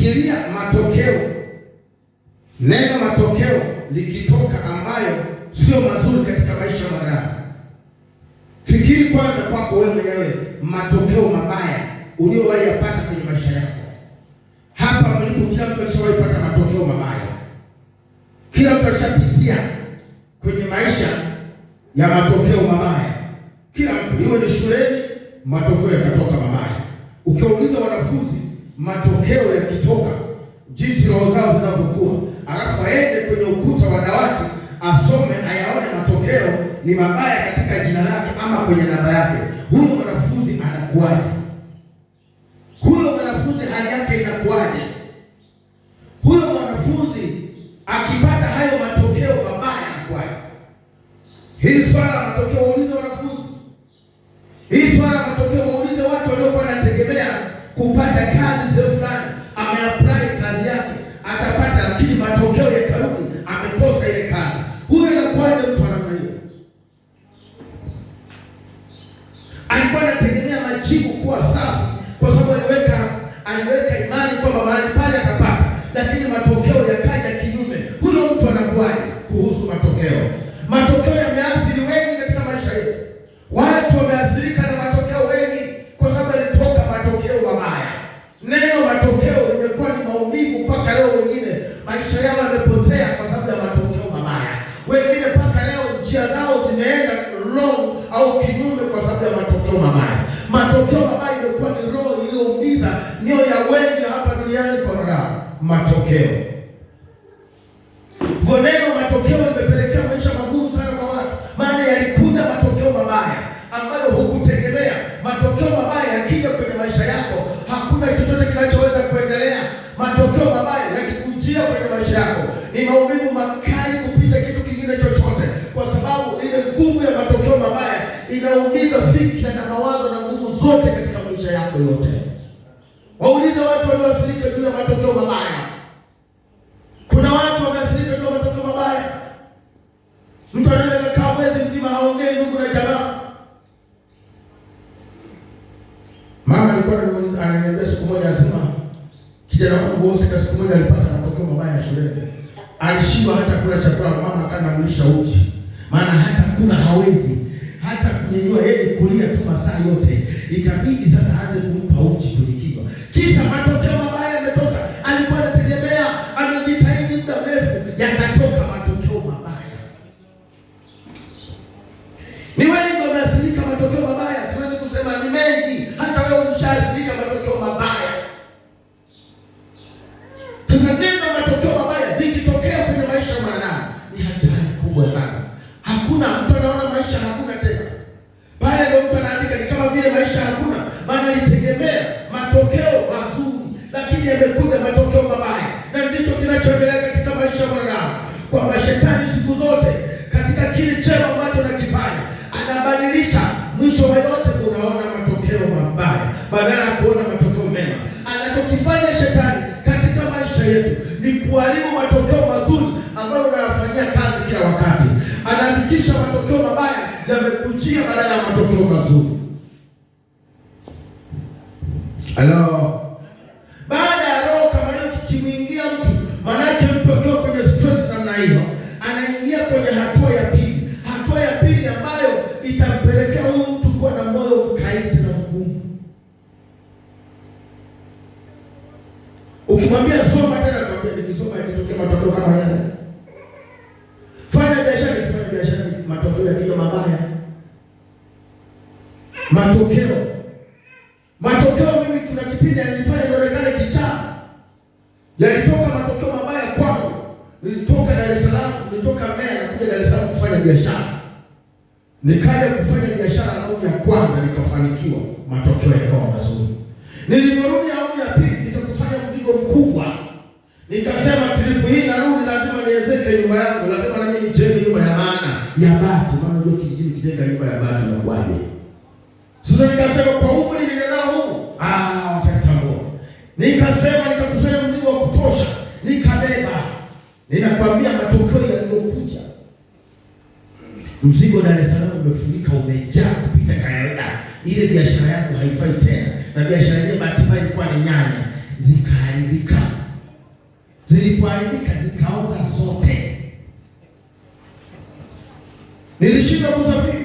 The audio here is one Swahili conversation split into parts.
fikiria matokeo, neno matokeo likitoka ambayo sio mazuri katika maisha ya mwanadamu. Fikiri kwanza kwako wewe mwenyewe, matokeo mabaya uliowahi yapata kwenye maisha yako. Hapa mlipo, kila mtu alishawahi pata matokeo mabaya, kila mtu alishapitia kwenye maisha ya matokeo mabaya. Kila mtu, iwe ni shuleni, matokeo yakatoka mabaya. Ukiwauliza wanafunzi matokeo yakitoka, jinsi roho zao zinavyokuwa, alafu aende kwenye ukuta wa dawati asome, ayaone matokeo ni mabaya katika jina lake ama kwenye namba yake, huyo mwanafunzi anakuwaje? zao zimeenda wrong au kinyume kwa sababu ya matokeo mabaya. Matokeo mabaya imekuwa ni roho iliyoumiza mioyo ya wengi hapa duniani kwa matokeo inaumiza fikra na mawazo na nguvu zote katika maisha yako yote. Waulize watu walioathirika juu ya matokeo mabaya. Kuna watu wameathirika juu ya matokeo mabaya, mtu anaweza kukaa mwezi mzima haongei ndugu na jamaa. Mama alikuwa ananiambia siku moja, asema kijana wangu Oscar siku moja alipata matokeo mabaya ya shuleni, alishindwa hata kula chakula, mama akanamlisha uji, maana hata kula hawezi hata kunyanyua yeye kulia tu masaa yote, ikabidi sasa aanze kumpa uchi kwenye kichwa, kisa mato lakini yamekuja matokeo. Matokeo mimi, kuna kipindi alinifanya nionekane kichaa, yalitoka matokeo mabaya kwangu. Nilitoka Dar es Salaam, nilitoka Mbeya nakuja Dar es Salaam kufanya biashara, nikaja Mzigo Dar es Salaam umefunika, umejaa kupita kawaida. Ile biashara yako haifai tena, na biashara yenyewe bahati mbaya ilikuwa ni nyanya, zikaharibika. Zilipoharibika zikaoza zote, nilishindwa kusafiri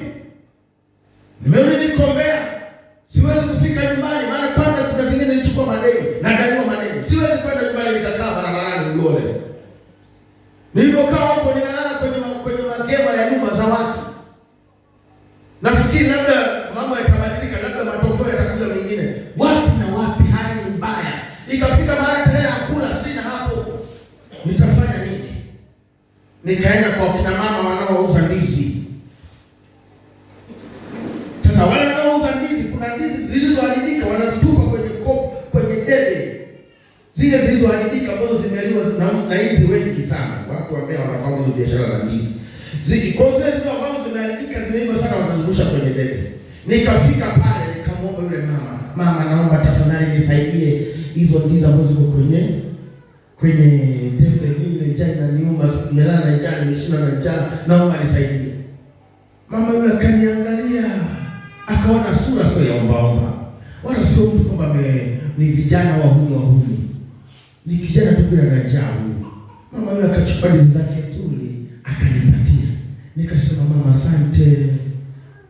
biashara na ndizi. Kwa zile zile ambazo zinaandika zinaiva sana wanazungusha kwenye bebe. Nikafika pale nikamwomba yule mama, mama naomba tafadhali nisaidie hizo ndizi ambazo ziko kwenye kwenye tembe mimi nimejaa na nyumba nilala na njaa nishinda na njaa naomba nisaidie. Mama yule akaniangalia akaona sura sio ya omba omba. Wala sio mtu kwamba ni vijana wa humu wa humu. Ni kijana tu kwa njaa huyu. Mama yule akachukua ndizi zake Mungu asante.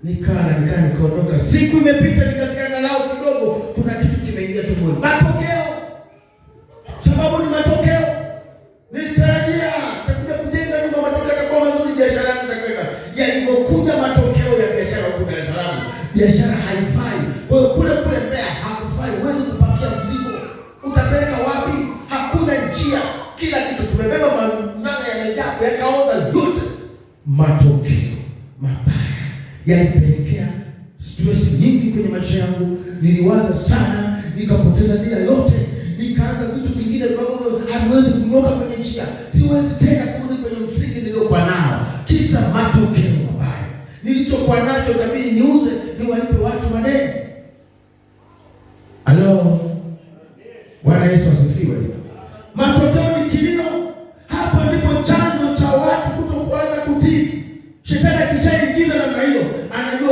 Nikala nikaa nikaondoka, siku imepita, nikasikia angalau kidogo kuna kitu kimeingia tumboni.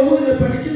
യഹൂദിനെ പഠിച്ച്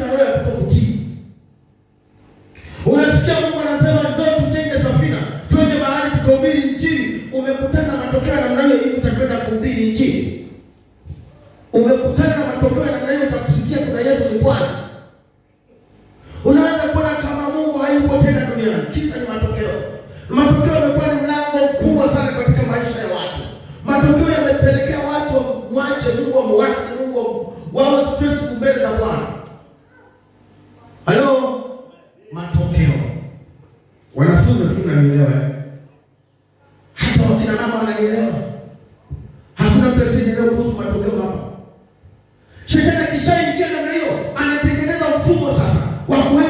wa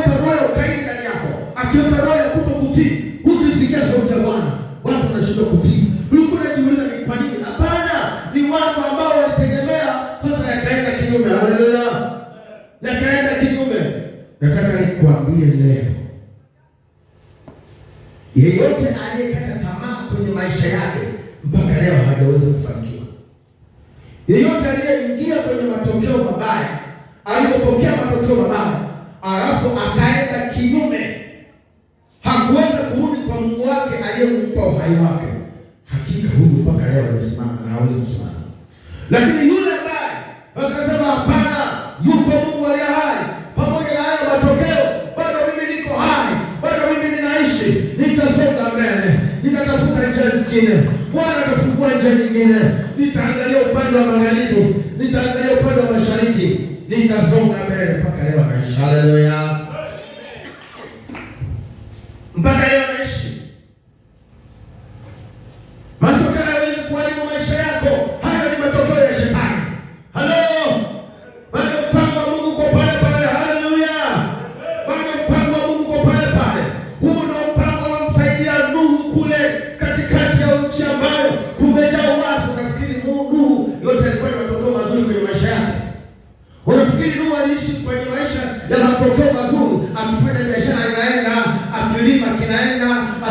nyingine. Bwana amefungua njia nyingine. Nitaangalia upande wa magharibi, nitaangalia upande wa mashariki, nitasonga mbele mpaka leo. Haleluya.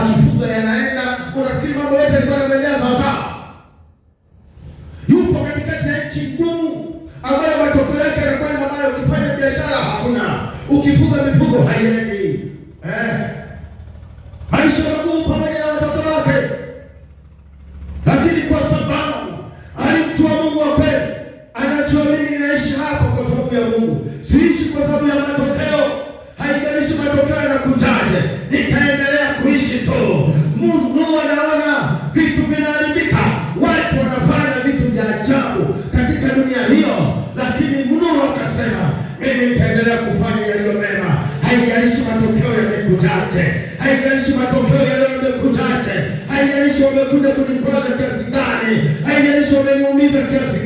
Tá no fundo é, né? tenía un líder que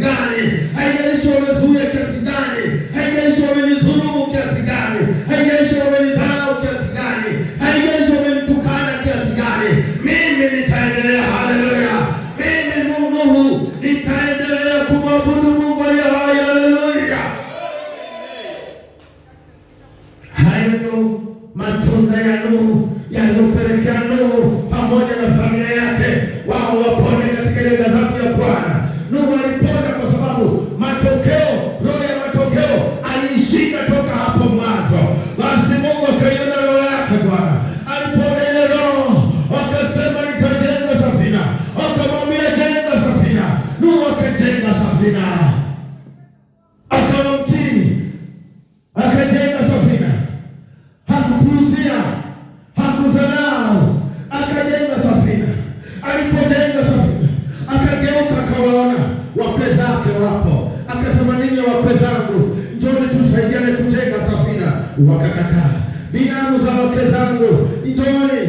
waliomtii akajenga safina, hakupuuzia, hakudharau, akajenga safina. Alipojenga safina, akageuka akawaona wakwe zake wapo, akasema ninyi wakwe zangu, njoni tusaidiane kujenga safina. Wakakataa. Binamu za wakwe zangu, njoni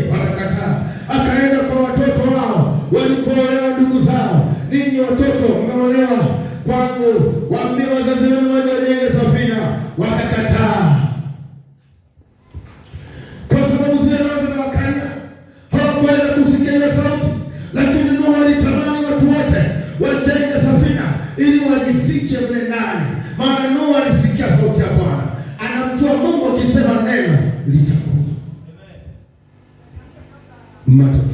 matokeo.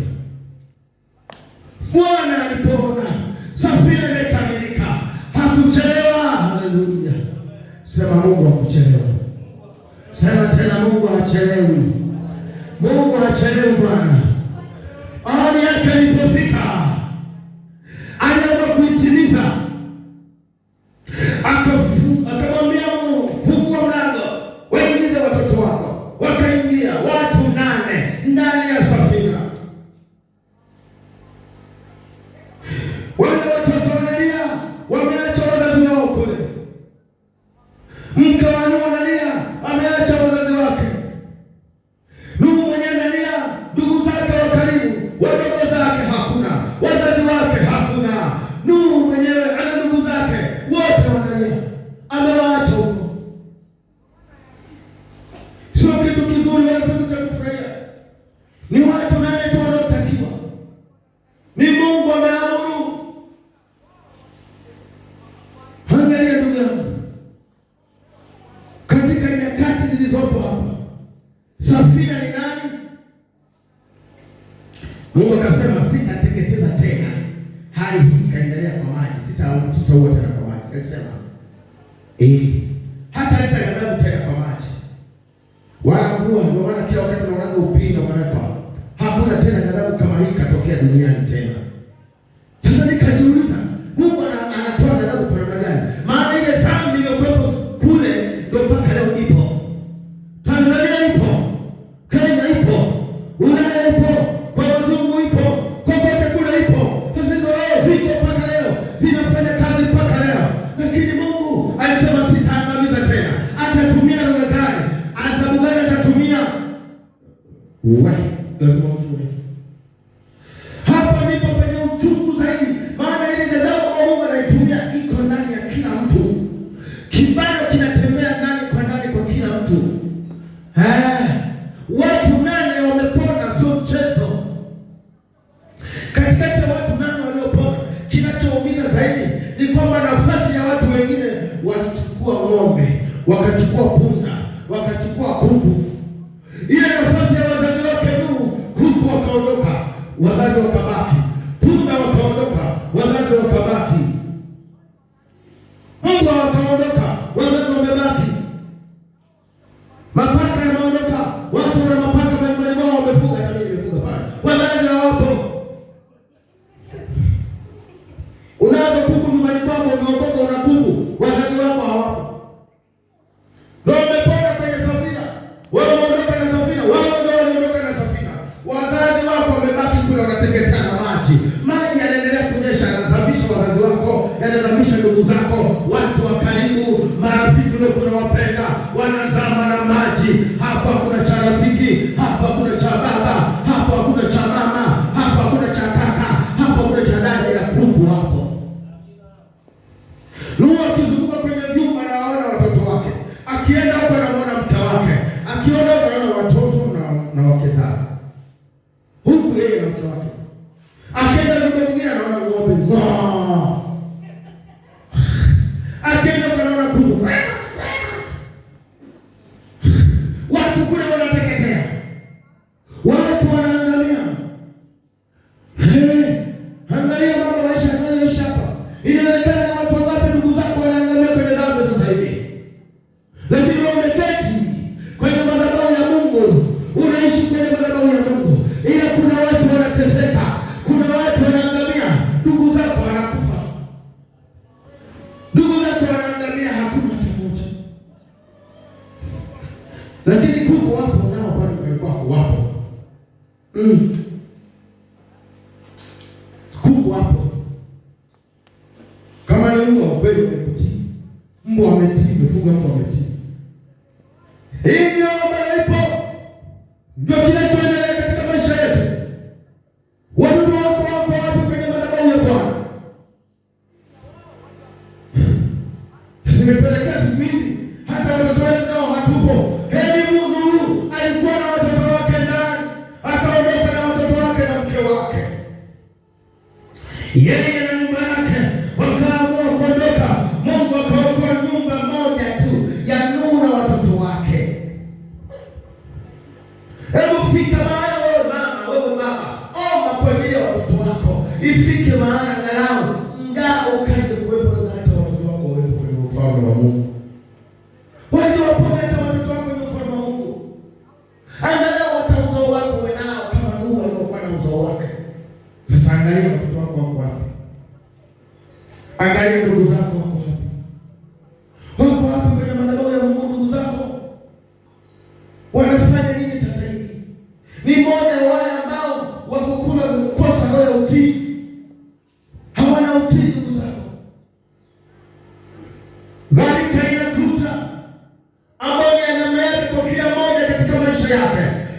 What wakachukua água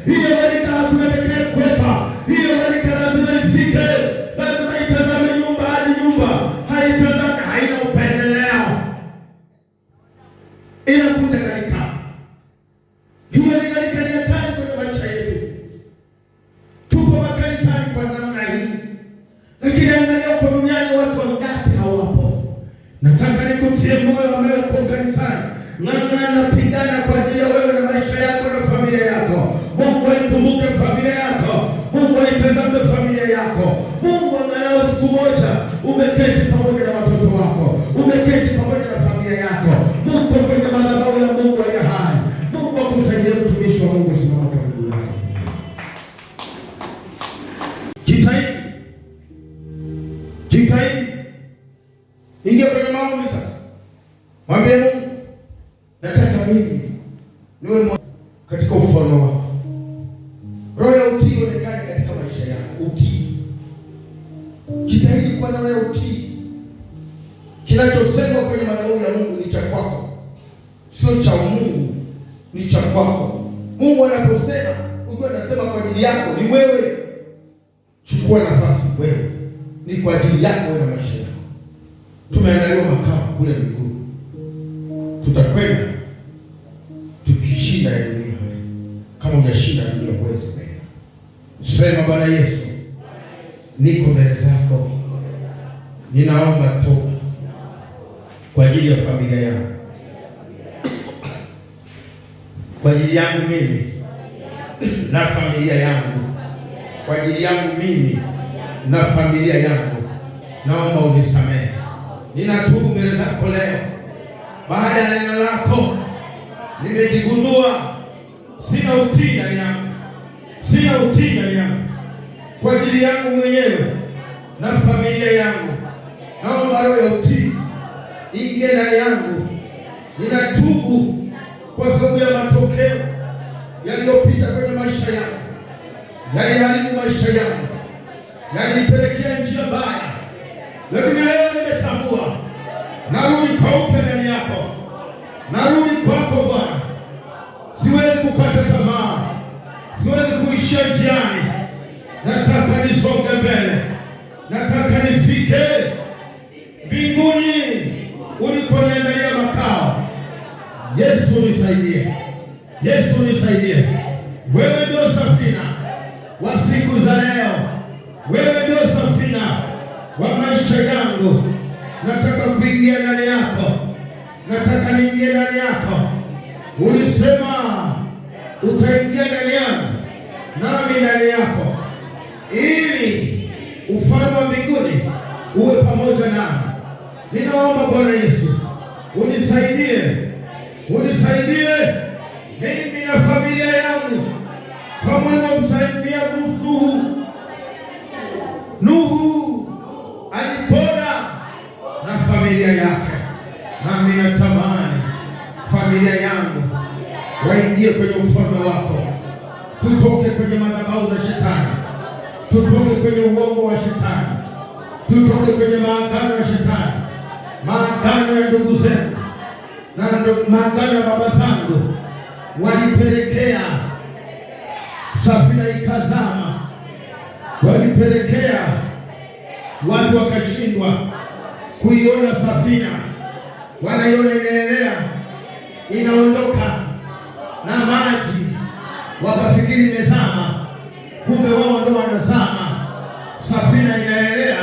He maombi sasa. Mwambie Mungu, nataka mimi niwe Bwana Yesu, niko mbele zako, ninaomba toba kwa ajili ya familia yangu, kwa ajili yangu mimi na familia yangu, kwa ajili yangu mimi na familia yangu, naomba unisamehe. Ninatubu mbele zako leo, baada ya neno lako nimejigundua sina utii ndani yangu, sina utii ndani kwa ajili yangu mwenyewe na familia yangu. Naomba roho ya utii ingie ndani yangu. Ninatubu kwa sababu ya matokeo yaliyopita kwenye maisha yangu, yaliharibu maisha yangu, yalinipelekea njia mbaya, lakini unisaidie, unisaidie mimi na familia yangu kama ulivyomsaidia Nuhu. Nuhu alipona na familia yake, nami natamani familia yangu waingie kwenye ufalme wako, tutoke kwenye madhabahu za shetani, tutoke kwenye uongo wa shetani, tutoke kwenye maagano ya shetani, maagano ya ndugu zetu maagano ya baba zangu walipelekea safina ikazama, walipelekea watu wakashindwa kuiona safina, wanaiona inaelea inaondoka na maji, wakafikiri imezama, kumbe wao ndo wanazama. Safina inaelea,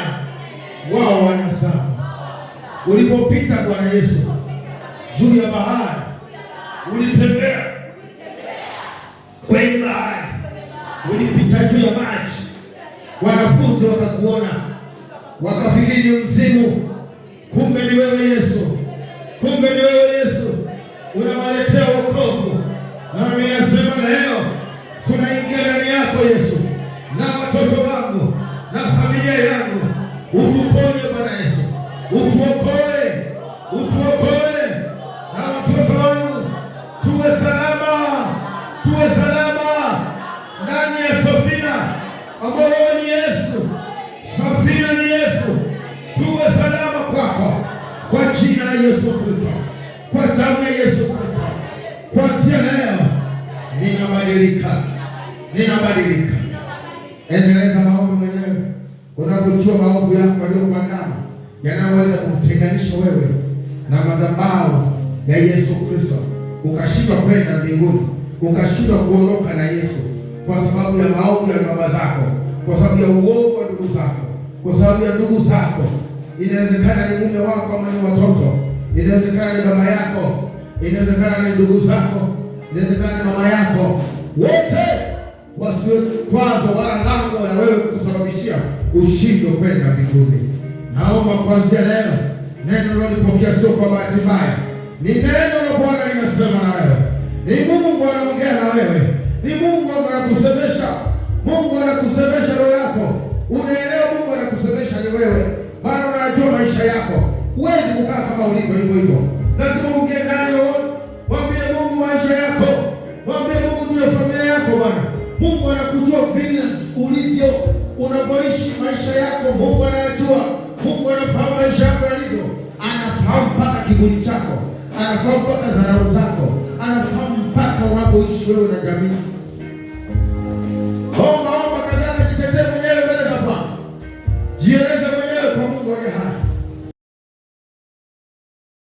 wao wanazama. Ulipopita Bwana Yesu juu ya bahari, ulitembea kwenye bahari, ulipita juu ya maji, wanafunzi wakakuona wakafikiri mbinguni, ukashindwa kuondoka na Yesu kwa sababu ya maovu ya baba zako, kwa sababu ya uongo wa ndugu zako, kwa sababu ya ndugu zako. Inawezekana ni mume wako ama ni watoto, inawezekana ni baba yako, inawezekana ni ndugu zako, inawezekana ni mama yako. Wote wasiwe kwazo wala lango na wewe kusababishia ushindwe kwenda mbinguni. Naomba kuanzia leo neno lolipokea sio kwa bahati mbaya, ni neno la Bwana linasema na wewe ni Mungu anaongea na wewe, ni Mungu anakusemesha. Mungu anakusemesha roho yako, unaelewa? Mungu anakusemesha ni wewe, bado unajua maisha yako, huwezi kukaa kama ulivyo hivyo hivyo, lazima uongee ndani. wewe, Mwambie Mungu maisha yako, mwambie Mungu juu ya familia yako. Bwana Mungu anakujua vile ulivyo, unavyoishi maisha yako. Mungu anayajua, Mungu anafahamu maisha yako yalivyo, anafahamu mpaka kiburi chako, anafahamu mpaka dharau zako anafahamu mpaka unapoishi wewe na jamii.